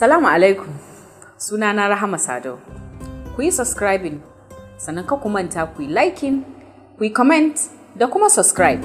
Salamu alaikum, sunana Rahama Sadau. Ku yi subscribing, sannan ka kumanta ku yi liking, ku yi comment da kuma subscribe.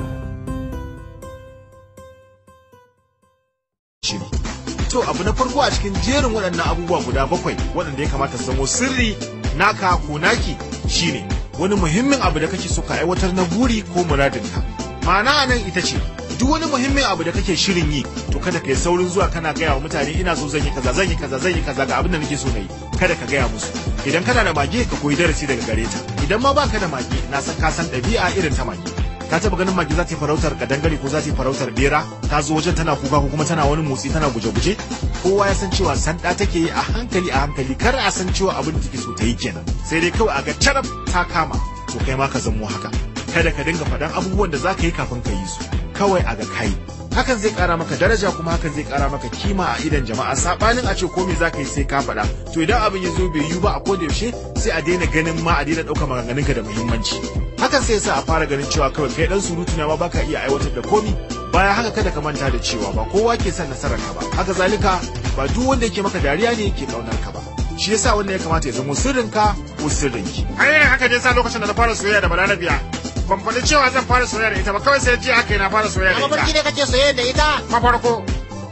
To abu na farko a cikin jerin waɗannan abubuwa guda bakwai waɗanda ya kamata su zamo sirri naka ko naki shine wani muhimmin abu da kake so ka aiwatar na buri ko muradinka. Ma'ana nan ita ce duk wani muhimmin abu da kake shirin yi to kada ka yi saurin zuwa kana gaya wa mutane ina so zan yi kaza zan yi kaza zan yi kaza ga abin da nake so na yi kada ka gaya musu idan kana da mage ka koyi darasi daga gare ta idan ma baka da mage na san ka san ɗabi'a irin ta mage ka taɓa ganin mage za ta farautar kadangare ko za ta farautar bera ta zo wajen tana kuka ko kuma tana wani motsi tana guje-guje kowa ya san cewa sanda take yi a hankali a hankali kar a san cewa abin da take so ta yi kenan sai dai kawai a ga carab ta kama to kai ma ka zamo haka kada ka dinga faɗan abubuwan da za ka yi kafin ka yi su kawai a ga kai hakan zai kara maka daraja kuma hakan zai kara maka kima a idan jama'a sabanin a ce komai zaka yi sai ka faɗa to idan abin ya zo bai yiwu ba a koda yaushe sai a daina ganin ma a daina ɗaukar maganganunka da muhimmanci hakan sai sa a fara ganin cewa kawai kai dan surutu na ma baka iya aiwatar da komi baya haka kada ka manta da cewa ba kowa ke son nasarar ka ba haka zalika ba duk wanda yake maka dariya ne yake kaunar ka ba shi yasa wanda ya kamata ya zama sirrinka ko sirrinki ai haka dai sa lokacin da na fara soyayya da balarabiya ban faɗi cewa zan fara soyayya da ita ba kawai sai ji haka yana na fara soyayya da ita. Mafarki ne kake soyayya da ita? Mafarko.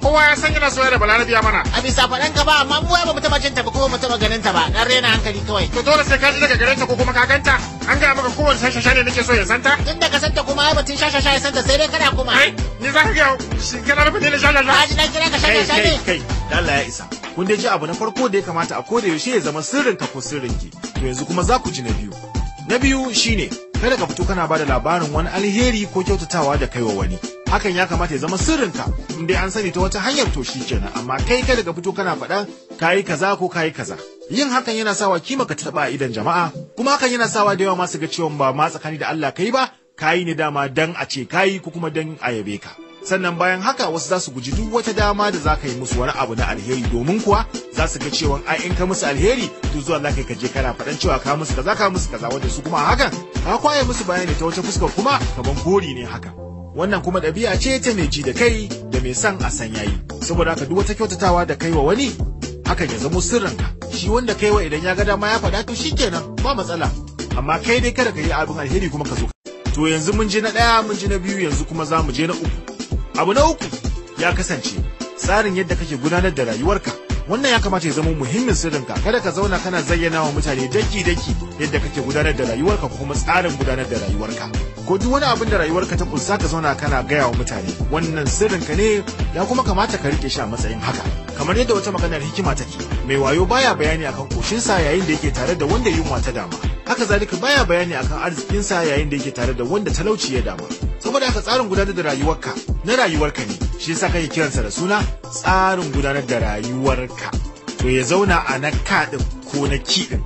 Kowa ya san yana soyayya da Balarabiya mana. A bisa faɗan ka ba amma mu ba mu taɓa jin ta ba kuma mu taɓa ganin ta ba dan rena hankali kawai. To dole sai ka ji daga gare ta ko kuma ka ganta an gaya maka kowane shashasha ne nake so ya santa. Tun da ka santa kuma ai batun shashasha ya santa sai dai kana kuma. Ai ni za ka ga shi kana rufe ne da shashasha. Ka ji na kira ka shashasha ne. Kai kai Allah ya isa. Kun dai ji abu na farko da ya kamata a koda yaushe ya zama ka ko ki. To yanzu kuma za ku ji na biyu. Na biyu shine kada ka fito kana bada labarin wani alheri ko kyautatawa da kaiwa wani hakan ya kamata ya zama sirrinka in dai an sani ta wata hanyar to shi kenan amma kai kada ka fito kana faɗa kayi kaza ko kayi kaza yin hakan yana sawa kima ka taɓa idan jama'a kuma hakan yana sawa da yawa masu ga cewa ba ma tsakani da Allah kai ba kayi ne dama dan a ce kayi ko kuma dan a yabe ka sannan bayan haka wasu za su guji duk wata dama da za ka yi musu wani abu na alheri domin kuwa za su ga cewa ai in ka musu alheri to zuwa za ka je kana faɗan cewa ka musu kaza ka musu kaza wanda su kuma hakan ka kwaye musu bayani ta wata fuskar kuma kamar gori ne haka wannan kuma ɗabi'a ce ta mai ji da kai da mai san a san yayi saboda haka duk wata kyautatawa da kai wa wani hakan ya zama zamo ka shi wanda kai wa idan ya ga dama ya faɗa to shikenan ba matsala amma kai dai kada ka yi abin alheri kuma ka zo to yanzu mun je na ɗaya mun je na biyu yanzu kuma za mu je na uku abu na uku ya kasance tsarin yadda kake gudanar da rayuwarka wannan ya kamata ya zama muhimmin sirrinka kada ka zauna kana zayyana wa mutane daki daki yadda kake gudanar da rayuwarka ko kuma tsarin gudanar da rayuwarka ko duk wani abin da rayuwarka ta kunsa ka zauna kana gaya wa mutane wannan sirrinka ne ya kuma kamata ka rike shi a matsayin haka kamar yadda wata maganar hikima take mai wayo baya bayani akan koshinsa yayin da yake tare da wanda yunwa ta dama haka zalika baya bayani akan arzikin sa yayin da yake tare da wanda talauci ya dama saboda haka tsarin gudanar da rayuwarka na rayuwarka ne shi yasa kake kiransa da suna tsarin gudanar da rayuwarka to ya zauna a na ka ko na ki din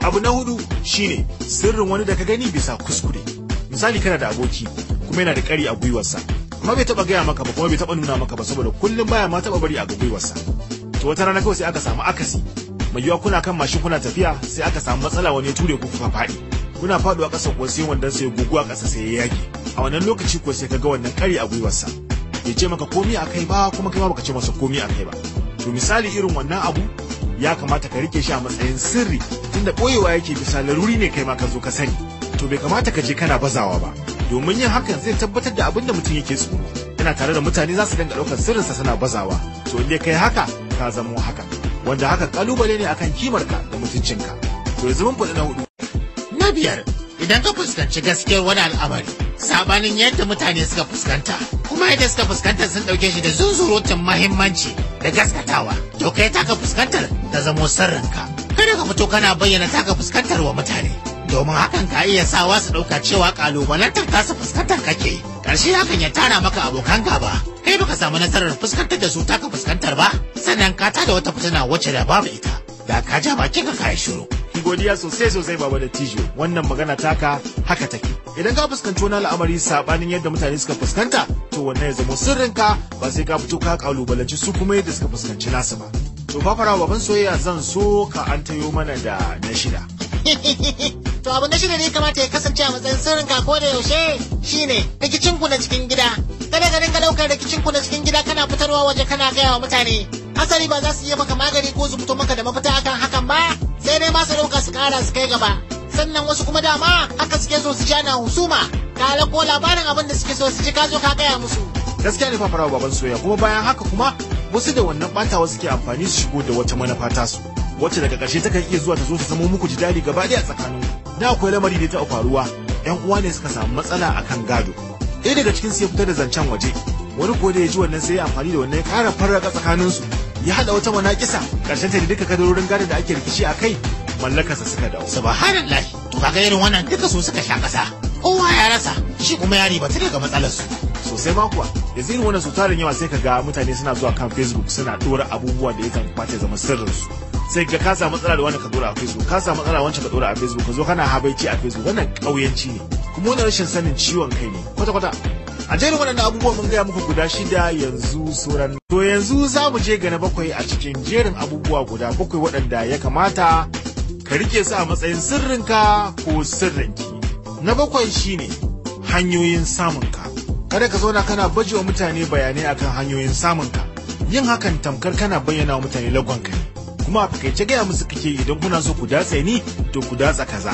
abu na hudu shine sirrin wani da ka gani bisa kuskure misali kana da aboki kuma yana da kari a gwiwarsa amma bai taba gaya maka ba kuma bai taba nuna maka ba saboda kullum baya ma taba bari a gwiwarsa to wata rana kawai sai aka samu akasi mai yiwuwa kuna kan mashin kuna tafiya sai aka samu matsala wani ya ture ku kuka faɗi muna faduwa ƙasa kuwa sai sai gugu a ƙasa sai ya yage a wannan lokaci kuwa sai ga wannan kari a gwiwarsa ya ce maka komi a kai ba kuma kai ma baka ce masa komi a kai ba to misali irin wannan abu ya kamata ka rike shi a matsayin sirri tunda koyewa yake bisa laruri ne kai ma ka zo ka sani to bai kamata ka je kana bazawa ba domin yin hakan zai tabbatar da abinda mutum yake tsoro yana tare da mutane za su dinga ɗaukar sirrinsa suna bazawa to inda kai haka ka zamo haka wanda haka kalubale ne akan kimarka da mutuncinka to yanzu mun faɗi na hudu Na biyar, idan ka fuskanci gaskiyar wani al'amari, sabanin yadda mutane suka fuskanta, kuma yadda suka fuskantar sun ɗauke shi da zunzurutun mahimmanci da gaskatawa, to kai taka fuskantar ta zamo sarranka Kada ka fito kana bayyana taka fuskantar wa mutane, domin hakan ka iya sawa su ɗauka cewa kalubalantar kasa fuskantar kake. Ƙarshe hakan ya tara maka abokan gaba, kai baka samu nasarar fuskantar da su taka fuskantar ba, sannan ka tada wata fitina wacce da babu ita, da ka ja bakin ka kayi shiru. godiya sosai sosai baba da tijo wannan magana taka haka take idan ka fuskanci wani al'amari sabanin yadda mutane suka fuskanta to wannan ya zama sirrinka ba sai ka fito ka kalubalanci su kuma yadda suka fuskanci nasu ba to fara baban soyayya zan so ka an tayo mana da na shida to abu na shida ne kamata ya kasance a matsayin sirrinka ko da yaushe shine rikicin ku na cikin gida kada ka dinga daukar rikicin ku na cikin gida kana fitarwa waje kana gaya wa mutane asali ba za su iya maka magani ko su fito maka da mafita akan hakan ba sai dai masu ɗauka su kara su kai gaba sannan wasu kuma dama aka suke so su jana husuma ka ko labarin abin da suke so su ji ka zo ka gaya musu gaskiya ne fafarawa baban soya kuma bayan haka kuma wasu da wannan ɓatawa suke amfani su shigo da wata manufa su wacce daga ƙarshe ta kan iya zuwa ta zo ta zama muku jidali gaba ɗaya tsakanin da akwai lamari da ta faruwa yan uwa ne suka samu matsala akan gado ɗaya daga cikin su ya fitar da zancen waje wani ko da ya ji wannan sai ya amfani da wannan ya ƙara farraka tsakaninsu ya hada wata manakisa karshen ta duka kadarorin gado da ake rikici a kai mallakarsa suka dawo subhanallahi to kaga irin wannan duka su suka sha kasa kowa ya rasa shi kuma ya riba daga matsalar su sosai ma kuwa da zai wannan sutarin yawa sai kaga mutane suna zuwa kan facebook suna dora abubuwa da yakan kwace zama su sai ga ka samu matsala da wani ka dora a facebook ka samu matsala wancan ka dora a facebook ka zo kana habaici a facebook wannan kauyanci ne kuma wannan rashin sanin ciwon kai ne kwata-kwata a jerin waɗanda abubuwan mun gaya muku guda shida yanzu sauran to yanzu za mu je ga na bakwai a cikin jerin abubuwa guda bakwai waɗanda ya kamata ka rike su a matsayin sirrinka ko sirrinki na bakwai shine hanyoyin samun ka. kada ka zauna kana baje wa mutane bayanai akan hanyoyin samun ka. yin hakan tamkar kana bayyana wa mutane ne. kuma a fakaice gaya musu kake idan kuna so ku datse ni to ku datsa kaza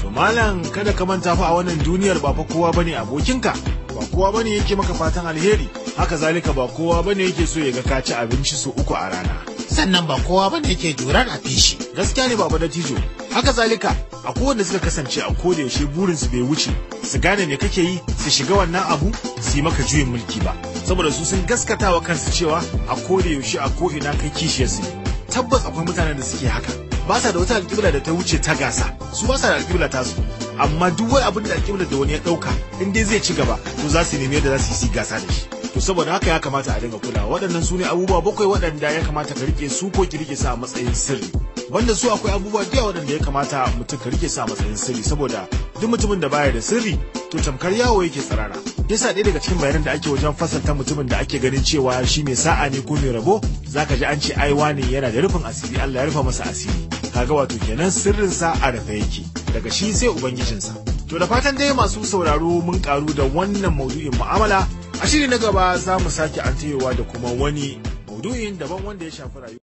to malam kada ka manta fa a wannan duniyar ba fa kowa bane abokinka ba kowa bane yake maka fatan alheri haka zalika ba kowa bane yake so ya ga ka ci abinci su uku a rana sannan ba kowa bane yake jura a fishi gaskiya ne baba dattijo haka zalika a kowanne suka kasance a koda yaushe burin su bai wuce su gane ne kake yi su shiga wannan abu su yi maka juyin mulki ba saboda su sun gaskatawa kansu cewa a koda yaushe a ko ina kai kishiyar su ne. tabbas akwai mutanen da suke haka ba sa da wata alƙibla da ta wuce ta gasa su ba sa da alƙibla ta su amma duk wani abin da alƙiblar da wani ya ɗauka in dai zai ci gaba to za su nemi yadda za su yi gasa da shi to saboda haka ya kamata a dinga kula waɗannan su ne abubuwa bakwai waɗanda ya kamata ka rike su ko ki rike su a matsayin sirri banda su akwai abubuwa da waɗanda ya kamata mutum ka rike su a matsayin sirri saboda duk mutumin da baya da sirri to tamkar yawo yake tsirara yasa ɗaya daga cikin bayanan da ake wajen fasalta mutumin da ake ganin cewa shi mai sa'a ne ko mai rabo zaka ji an ce ai ne yana da rufin asiri Allah ya rufa masa asiri kaga wato kenan sirrin sa a rufe yake daga shi sai ubangijinsa to da fatan dai masu sauraro mun karu da wannan maudu'in mu'amala a shiri na gaba za mu sake antayewa da kuma wani maudu'in daban wanda ya shafi rayuwa